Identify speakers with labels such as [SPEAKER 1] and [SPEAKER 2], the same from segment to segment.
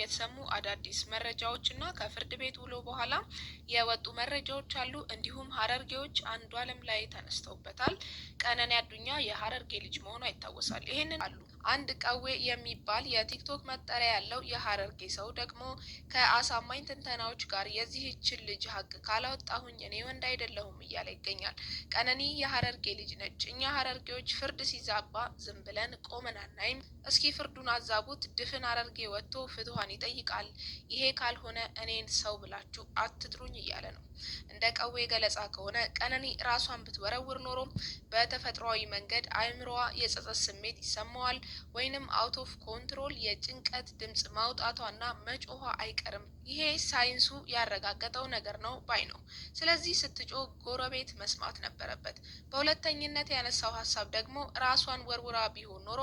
[SPEAKER 1] የተሰሙ አዳዲስ መረጃዎች እና ከፍርድ ቤት ውሎ በኋላ የወጡ መረጃዎች አሉ። እንዲሁም ሀረርጌዎች አንዱ አለም ላይ ተነስተውበታል። ቀነኒ አዱኛ የሀረርጌ ልጅ መሆኗ ይታወሳል። ይህንን አሉ አንድ ቀዌ የሚባል የቲክቶክ መጠሪያ ያለው የሀረርጌ ሰው ደግሞ ከአሳማኝ ትንተናዎች ጋር የዚህችን ልጅ ሀቅ ካላወጣሁኝ እኔ ወንድ አይደለሁም እያለ ይገኛል። ቀነኒ የሀረርጌ ልጅ ነች። እኛ ሀረርጌዎች ፍርድ ሲዛባ ዝም ብለን ቆመን አናይም። እስኪ ፍርዱን አዛቡት። ድፍን ሀረርጌ ወጥቶ ፍትኋን ይጠይቃል። ይሄ ካልሆነ እኔን ሰው ብላችሁ አትጥሩኝ እያለ ነው። እንደ ቀዌ ገለጻ ከሆነ ቀነኒ ራሷን ብትወረውር ኖሮ በተፈጥሯዊ መንገድ አእምሮዋ የጸጸት ስሜት ይሰማዋል ወይንም አውት ኦፍ ኮንትሮል የጭንቀት ድምጽ ማውጣቷና መጮኋ አይቀርም። ይሄ ሳይንሱ ያረጋገጠው ነገር ነው ባይ ነው። ስለዚህ ስትጮ ጎረቤት መስማት ነበረበት። በሁለተኝነት ያነሳው ሀሳብ ደግሞ ራሷን ወርውራ ቢሆን ኖሮ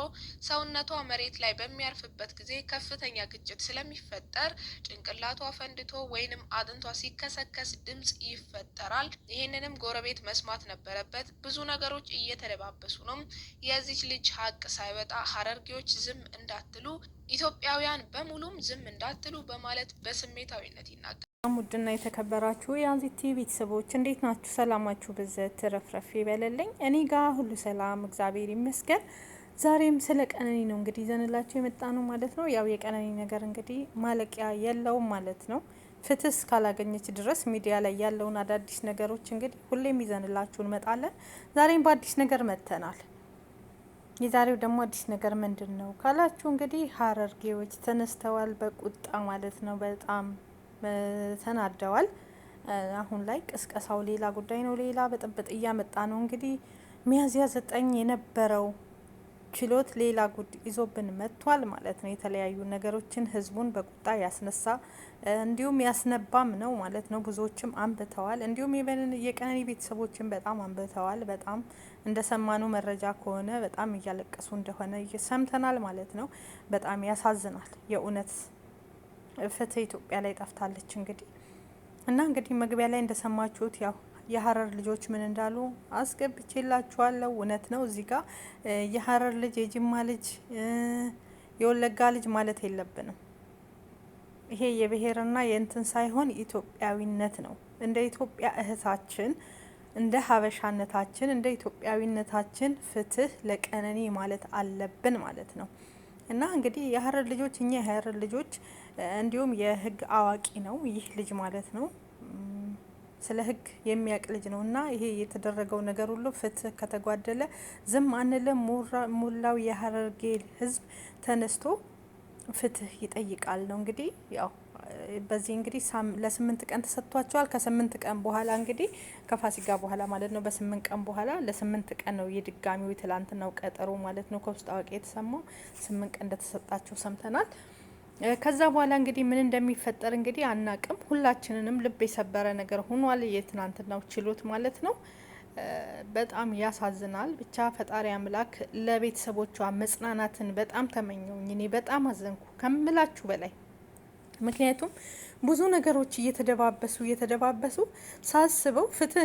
[SPEAKER 1] ሰውነቷ መሬት ላይ በሚያርፍበት ጊዜ ከፍተኛ ግጭት ስለሚፈጠር ጭንቅላቷ ፈንድቶ ወይንም አጥንቷ ሲከሰከስ ድምጽ ድምፅ ይፈጠራል። ይህንንም ጎረቤት መስማት ነበረበት። ብዙ ነገሮች እየተደባበሱ ነው። የዚች ልጅ ሀቅ ሳይወጣ ሀረርጌዎች ዝም እንዳትሉ፣ ኢትዮጵያውያን በሙሉም ዝም እንዳትሉ በማለት በስሜታዊነት ይናገራል።
[SPEAKER 2] ውድና የተከበራችሁ የአዚቲ ቤተሰቦች እንዴት ናችሁ? ሰላማችሁ ብዘት ትረፍረፍ ይበለልኝ። እኔ ጋ ሁሉ ሰላም እግዚአብሔር ይመስገን። ዛሬም ስለ ቀነኒ ነው እንግዲህ ይዘንላችሁ የመጣ ነው ማለት ነው። ያው የቀነኒ ነገር እንግዲህ ማለቂያ የለውም ማለት ነው። ፍትህ እስካላገኘች ድረስ ሚዲያ ላይ ያለውን አዳዲስ ነገሮች እንግዲህ ሁሌም ይዘንላችሁ እንመጣለን። ዛሬም በአዲስ ነገር መጥተናል። የዛሬው ደግሞ አዲስ ነገር ምንድን ነው ካላችሁ እንግዲህ ሀረርጌዎች ተነስተዋል፣ በቁጣ ማለት ነው። በጣም ተናደዋል። አሁን ላይ ቅስቀሳው ሌላ ጉዳይ ነው፣ ሌላ በጥብጥ እያመጣ ነው። እንግዲህ ሚያዝያ ዘጠኝ የነበረው ችሎት ሌላ ጉድ ይዞብን መጥቷል ማለት ነው። የተለያዩ ነገሮችን ህዝቡን በቁጣ ያስነሳ እንዲሁም ያስነባም ነው ማለት ነው። ብዙዎችም አንብተዋል። እንዲሁም የቀነኒ ቤተሰቦችን በጣም አንብተዋል። በጣም እንደሰማኑ መረጃ ከሆነ በጣም እያለቀሱ እንደሆነ ሰምተናል ማለት ነው። በጣም ያሳዝናል። የእውነት ፍትህ ኢትዮጵያ ላይ ጠፍታለች። እንግዲህ እና እንግዲህ መግቢያ ላይ እንደሰማችሁት ያው የሀረር ልጆች ምን እንዳሉ አስገብቼላችኋለሁ። እውነት ነው። እዚህ ጋር የሀረር ልጅ፣ የጅማ ልጅ፣ የወለጋ ልጅ ማለት የለብንም። ይሄ የብሔርና የእንትን ሳይሆን ኢትዮጵያዊነት ነው። እንደ ኢትዮጵያ እህታችን እንደ ሀበሻነታችን እንደ ኢትዮጵያዊነታችን ፍትህ ለቀነኒ ማለት አለብን ማለት ነው። እና እንግዲህ የሀረር ልጆች እኛ የሀረር ልጆች እንዲሁም የህግ አዋቂ ነው ይህ ልጅ ማለት ነው። ስለ ህግ የሚያውቅ ልጅ ነው እና ይሄ የተደረገው ነገር ሁሉ ፍትህ ከተጓደለ ዝም አንለም። ሙላው የሀረርጌ ህዝብ ተነስቶ ፍትህ ይጠይቃል ነው እንግዲህ ያው በዚህ እንግዲህ ለስምንት ቀን ተሰጥቷቸዋል። ከስምንት ቀን በኋላ እንግዲህ ከፋሲካ በኋላ ማለት ነው። በስምንት ቀን በኋላ ለስምንት ቀን ነው የድጋሚው የትላንትናው ቀጠሮ ማለት ነው። ከውስጥ አዋቂ የተሰማው ስምንት ቀን እንደተሰጣቸው ሰምተናል። ከዛ በኋላ እንግዲህ ምን እንደሚፈጠር እንግዲህ አናቅም። ሁላችንንም ልብ የሰበረ ነገር ሆኗል፣ የትናንትናው ችሎት ማለት ነው። በጣም ያሳዝናል። ብቻ ፈጣሪ አምላክ ለቤተሰቦቿ መጽናናትን በጣም ተመኘውኝ። እኔ በጣም አዘንኩ ከምላችሁ በላይ ምክንያቱም ብዙ ነገሮች እየተደባበሱ እየተደባበሱ ሳስበው ፍትህ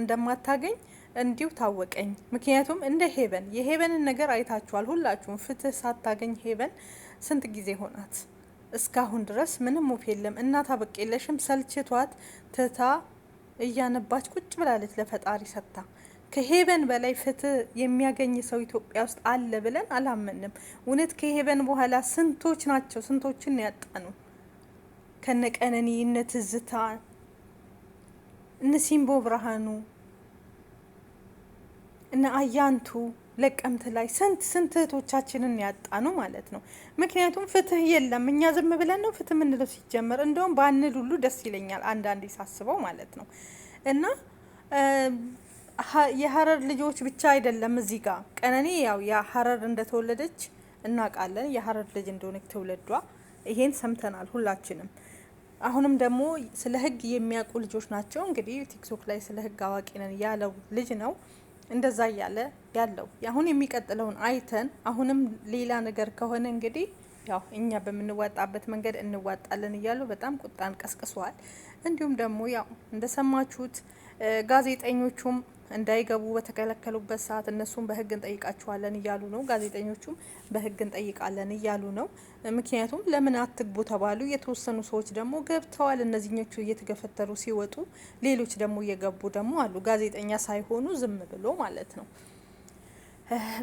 [SPEAKER 2] እንደማታገኝ እንዲሁ ታወቀኝ። ምክንያቱም እንደ ሄቨን የሄቨንን ነገር አይታችኋል ሁላችሁም ፍትህ ሳታገኝ ሄቨን ስንት ጊዜ ሆናት? እስካሁን ድረስ ምንም ውፍ የለም። እናት የለሽም። ሰልችቷት ትታ እያነባች ቁጭ ብላለች ለፈጣሪ ሰጥታ። ከሄበን በላይ ፍትህ የሚያገኝ ሰው ኢትዮጵያ ውስጥ አለ ብለን አላመንም። እውነት ከሄበን በኋላ ስንቶች ናቸው ስንቶችን ያጣኑ ከነቀነኒ እነ ትዝታ እነ ሲምቦ ብርሃኑ እነ አያንቱ ለቀምት ላይ ስንት ስንት እህቶቻችንን ያጣ ነው ማለት ነው። ምክንያቱም ፍትህ የለም። እኛ ዝም ብለን ነው ፍትህ የምንለው ሲጀመር። እንደውም ባንል ሁሉ ደስ ይለኛል አንዳንዴ ሳስበው ማለት ነው። እና የሀረር ልጆች ብቻ አይደለም እዚህ ጋር ቀነኔ ያው የሀረር እንደተወለደች እናውቃለን። የሀረር ልጅ እንደሆነች ትውልዷ ይሄን ሰምተናል ሁላችንም። አሁንም ደግሞ ስለ ህግ የሚያውቁ ልጆች ናቸው። እንግዲህ ቲክቶክ ላይ ስለ ህግ አዋቂ ነን ያለው ልጅ ነው እንደዛ እያለ ያለው አሁን የሚቀጥለውን አይተን አሁንም ሌላ ነገር ከሆነ እንግዲህ ያው እኛ በምንዋጣበት መንገድ እንዋጣለን እያሉ በጣም ቁጣን ቀስቅሷል። እንዲሁም ደግሞ ያው እንደሰማችሁት ጋዜጠኞቹም እንዳይገቡ በተከለከሉበት ሰዓት እነሱም በህግ እንጠይቃቸዋለን እያሉ ነው። ጋዜጠኞቹም በህግ እንጠይቃለን እያሉ ነው። ምክንያቱም ለምን አትግቡ ተባሉ። የተወሰኑ ሰዎች ደግሞ ገብተዋል። እነዚህኞቹ እየተገፈተሩ ሲወጡ፣ ሌሎች ደግሞ እየገቡ ደግሞ አሉ። ጋዜጠኛ ሳይሆኑ ዝም ብሎ ማለት ነው።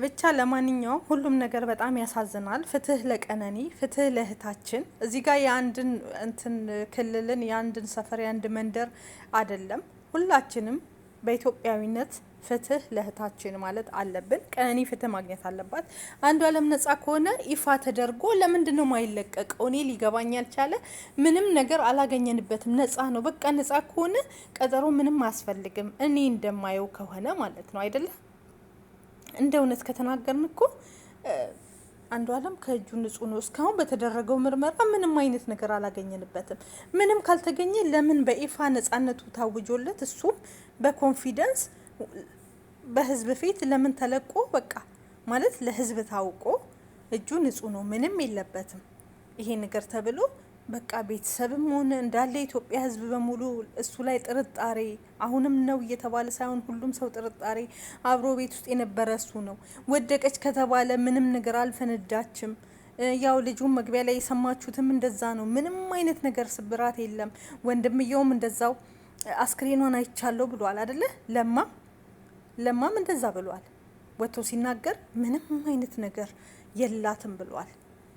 [SPEAKER 2] ብቻ ለማንኛውም ሁሉም ነገር በጣም ያሳዝናል። ፍትህ ለቀነኒ፣ ፍትህ ለእህታችን። እዚህ ጋር የአንድን እንትን ክልልን የአንድን ሰፈር የአንድ መንደር አይደለም ሁላችንም በኢትዮጵያዊነት ፍትህ ለእህታችን ማለት አለብን። ቀነኒ ፍትህ ማግኘት አለባት። አንዱ አለም ነጻ ከሆነ ይፋ ተደርጎ ለምንድን ነው ማይለቀቀው? እኔ ሊገባኝ ያልቻለ ምንም ነገር አላገኘንበትም። ነጻ ነው በቃ ነጻ ከሆነ ቀጠሮ ምንም አያስፈልግም። እኔ እንደማየው ከሆነ ማለት ነው አይደለም እንደ እውነት ከተናገርን እኮ አንዱ አለም ከእጁ ንጹህ ነው። እስካሁን በተደረገው ምርመራ ምንም አይነት ነገር አላገኘንበትም። ምንም ካልተገኘ ለምን በይፋ ነጻነቱ ታውጆለት እሱም በኮንፊደንስ በህዝብ ፊት ለምን ተለቆ በቃ ማለት ለህዝብ ታውቆ እጁ ንጹህ ነው፣ ምንም የለበትም ይሄ ነገር ተብሎ በቃ ቤተሰብም ሆነ እንዳለ የኢትዮጵያ ሕዝብ በሙሉ እሱ ላይ ጥርጣሬ አሁንም ነው እየተባለ ሳይሆን ሁሉም ሰው ጥርጣሬ አብሮ ቤት ውስጥ የነበረ እሱ ነው። ወደቀች ከተባለ ምንም ነገር አልፈነዳችም። ያው ልጁ መግቢያ ላይ የሰማችሁትም እንደዛ ነው። ምንም አይነት ነገር ስብራት የለም። ወንድምየውም እንደዛው አስክሬኗን አይቻለሁ ብሏል አደለ? ለማ ለማም እንደዛ ብሏል። ወጥቶ ሲናገር ምንም አይነት ነገር የላትም ብሏል።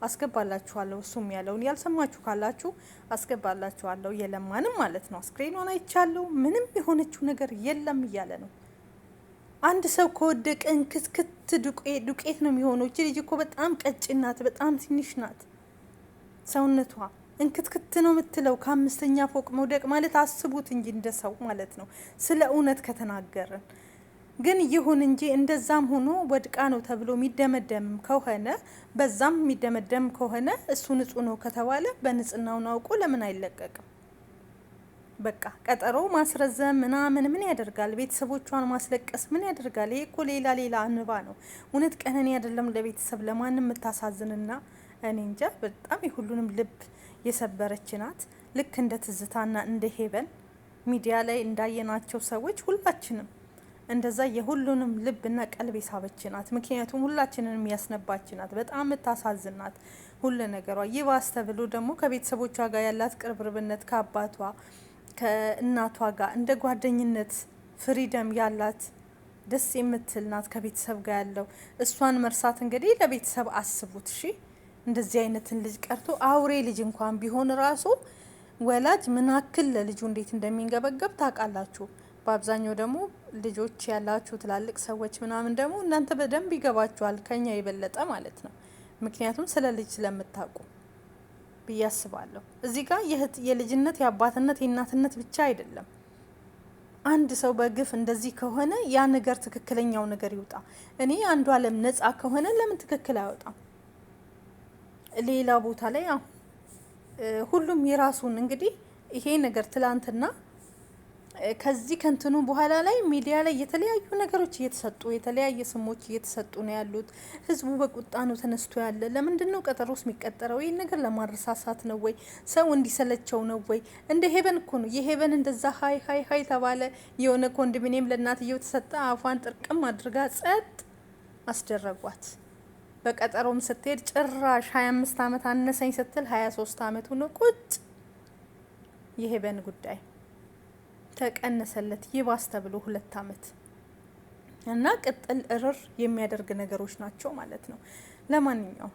[SPEAKER 2] አስገባላችኋለሁ። እሱም ያለውን ያልሰማችሁ ካላችሁ አስገባላችኋለሁ። የለማንም ማለት ነው አስክሬኗን አይቻለሁ፣ ምንም የሆነችው ነገር የለም እያለ ነው። አንድ ሰው ከወደቀ እንክትክት ዱቄት ነው የሚሆነው። እች ልጅ እኮ በጣም ቀጭን ናት፣ በጣም ትንሽ ናት ሰውነቷ እንክትክት ነው የምትለው። ከአምስተኛ ፎቅ መውደቅ ማለት አስቡት እንጂ እንደ ሰው ማለት ነው ስለ እውነት ከተናገርን ግን ይሁን እንጂ እንደዛም ሆኖ ወድቃ ነው ተብሎ የሚደመደም ከሆነ በዛም የሚደመደም ከሆነ እሱ ንጹህ ነው ከተባለ በንጽህናውን አውቆ ለምን አይለቀቅም? በቃ ቀጠሮ ማስረዘም ምናምን ምን ያደርጋል? ቤተሰቦቿን ማስለቀስ ምን ያደርጋል? ይሄ እኮ ሌላ ሌላ እንባ ነው። እውነት ቀነኔ አይደለም ለቤተሰብ ለማንም የምታሳዝንና እኔ እንጃ በጣም የሁሉንም ልብ የሰበረች ናት። ልክ እንደ ትዝታና እንደ ሄበን ሚዲያ ላይ እንዳየናቸው ሰዎች ሁላችንም እንደዛ የሁሉንም ልብና ቀልብ የሳበች ናት። ምክንያቱም ሁላችንን የሚያስነባች ናት። በጣም የምታሳዝን ናት ሁሉ ነገሯ። ይባስ ተብሎ ደግሞ ከቤተሰቦቿ ጋር ያላት ቅርብ ርብነት ከአባቷ ከእናቷ ጋር እንደ ጓደኝነት ፍሪደም ያላት ደስ የምትል ናት። ከቤተሰብ ጋር ያለው እሷን መርሳት እንግዲህ ለቤተሰብ አስቡት። እሺ እንደዚህ አይነትን ልጅ ቀርቶ አውሬ ልጅ እንኳን ቢሆን ራሱ ወላጅ ምን ለልጁ እንዴት እንደሚንገበገብ ታውቃላችሁ። በአብዛኛው ደግሞ ልጆች ያላችሁ ትላልቅ ሰዎች ምናምን ደግሞ እናንተ በደንብ ይገባችኋል ከኛ የበለጠ ማለት ነው። ምክንያቱም ስለ ልጅ ስለምታውቁ ብዬ አስባለሁ። እዚህ ጋር የልጅነት የአባትነት የእናትነት ብቻ አይደለም። አንድ ሰው በግፍ እንደዚህ ከሆነ ያ ነገር ትክክለኛው ነገር ይውጣ። እኔ አንዱ አለም ነጻ ከሆነ ለምን ትክክል አይወጣም? ሌላ ቦታ ላይ ሁሉም የራሱን እንግዲህ ይሄ ነገር ትላንትና ከዚህ ከንትኑ በኋላ ላይ ሚዲያ ላይ የተለያዩ ነገሮች እየተሰጡ የተለያየ ስሞች እየተሰጡ ነው ያሉት። ህዝቡ በቁጣ ነው ተነስቶ ያለ። ለምንድን ነው ውስጥ የሚቀጠረው? ይህን ነገር ለማረሳሳት ነው ወይ? ሰው እንዲሰለቸው ነው ወይ? እንደ ሄቨን እኮ ነው የሄቨን እንደዛ ሀይ ሀይ ሀይ ተባለ። የሆነ ኮንዶሚኒየም ለእናትየው ተሰጠ። አፏን ጥርቅም አድርጋ ጸጥ አስደረጓት። በቀጠሮም ስትሄድ ጭራሽ ሀያ አምስት አመት አነሰኝ ስትል ሀያ ሶስት አመት ሆኖ ቁጭ የሄበን ጉዳይ ተቀነሰለት ይባስ ተብሎ ሁለት አመት እና ቅጥል እርር የሚያደርግ ነገሮች ናቸው ማለት ነው። ለማንኛውም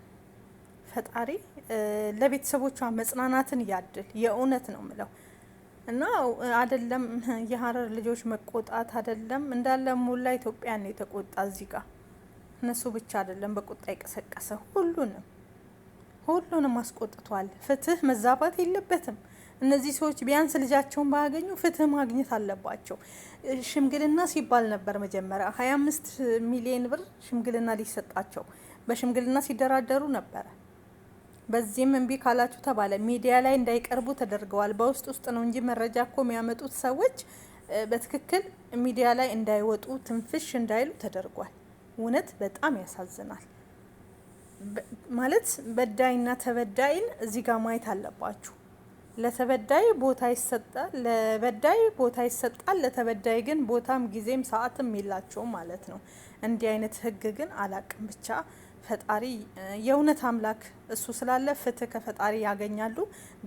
[SPEAKER 2] ፈጣሪ ለቤተሰቦቿ መጽናናትን ያድል። የእውነት ነው ምለው እና አደለም የሀረር ልጆች መቆጣት አደለም እንዳለ ኢትዮጵያ ነው የተቆጣ እዚህ ጋ እነሱ ብቻ አደለም በቁጣ የቀሰቀሰ ሁሉንም ሁሉንም አስቆጥቷል። ፍትህ መዛባት የለበትም። እነዚህ ሰዎች ቢያንስ ልጃቸውን ባያገኙ ፍትህ ማግኘት አለባቸው። ሽምግልና ሲባል ነበር መጀመሪያ ሀያ አምስት ሚሊዮን ብር ሽምግልና ሊሰጣቸው በሽምግልና ሲደራደሩ ነበረ። በዚህም እምቢ ካላችሁ ተባለ። ሚዲያ ላይ እንዳይቀርቡ ተደርገዋል። በውስጥ ውስጥ ነው እንጂ መረጃ እኮ የሚያመጡት ሰዎች በትክክል ሚዲያ ላይ እንዳይወጡ ትንፍሽ እንዳይሉ ተደርጓል። እውነት በጣም ያሳዝናል። ማለት በዳይና ተበዳይን እዚህ ጋር ማየት አለባችሁ። ለተበዳይ ቦታ ይሰጣል፣ ለበዳይ ቦታ ይሰጣል። ለተበዳይ ግን ቦታም ጊዜም ሰዓትም የላቸውም ማለት ነው። እንዲህ አይነት ህግ ግን አላቅም። ብቻ ፈጣሪ የእውነት አምላክ እሱ ስላለ ፍትህ ከፈጣሪ ያገኛሉ።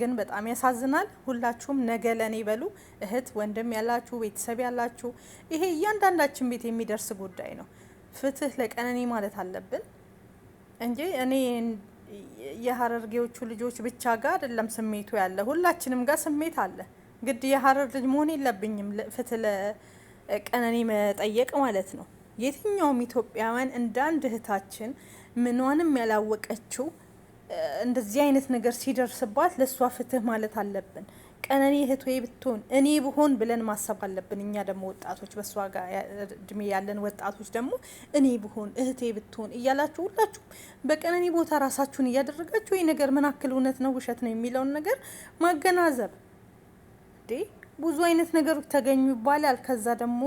[SPEAKER 2] ግን በጣም ያሳዝናል። ሁላችሁም ነገ ለኔ በሉ። እህት ወንድም ያላችሁ፣ ቤተሰብ ያላችሁ፣ ይሄ እያንዳንዳችን ቤት የሚደርስ ጉዳይ ነው። ፍትህ ለቀነኔ ማለት አለብን እንጂ እኔ የሀረርጌዎቹ ልጆች ብቻ ጋር አይደለም ስሜቱ ያለ፣ ሁላችንም ጋር ስሜት አለ። ግድ የሀረር ልጅ መሆን የለብኝም ፍትህ ለቀነኒ መጠየቅ ማለት ነው። የትኛውም ኢትዮጵያውያን እንደ አንድ እህታችን ምኗንም ያላወቀችው እንደዚህ አይነት ነገር ሲደርስባት ለእሷ ፍትህ ማለት አለብን። ቀነኒ እህት ወይ ብትሆን እኔ ብሆን ብለን ማሰብ አለብን። እኛ ደግሞ ወጣቶች በእሷ ጋር እድሜ ያለን ወጣቶች ደግሞ እኔ ብሆን እህቴ ብትሆን እያላችሁ ሁላችሁ በቀነኒ ቦታ ራሳችሁን እያደረጋችሁ ይህ ነገር ምን አክል እውነት ነው ውሸት ነው የሚለውን ነገር ማገናዘብ እንዴ ብዙ አይነት ነገሮች ተገኙ ይባላል። ከዛ ደግሞ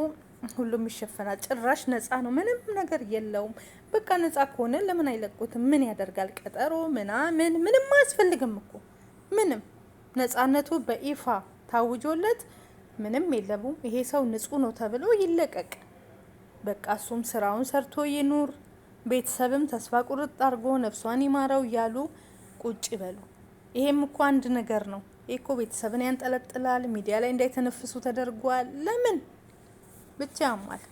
[SPEAKER 2] ሁሉም ይሸፈናል። ጭራሽ ነጻ ነው፣ ምንም ነገር የለውም። በቃ ነጻ ከሆነ ለምን አይለቁትም? ምን ያደርጋል? ቀጠሮ ምናምን ምንም አያስፈልግም እኮ ምንም ነጻነቱ በይፋ ታውጆለት ምንም የለቡም ይሄ ሰው ንጹህ ነው ተብሎ ይለቀቅ። በቃ እሱም ስራውን ሰርቶ ይኑር፣ ቤተሰብም ተስፋ ቁርጥ አድርጎ ነፍሷን ይማረው እያሉ ቁጭ ይበሉ። ይሄም እኮ አንድ ነገር ነው። ይሄ እኮ ቤተሰብን ያንጠለጥላል፣ ሚዲያ ላይ እንዳይተነፍሱ ተደርጓል። ለምን ብቻ ያማል።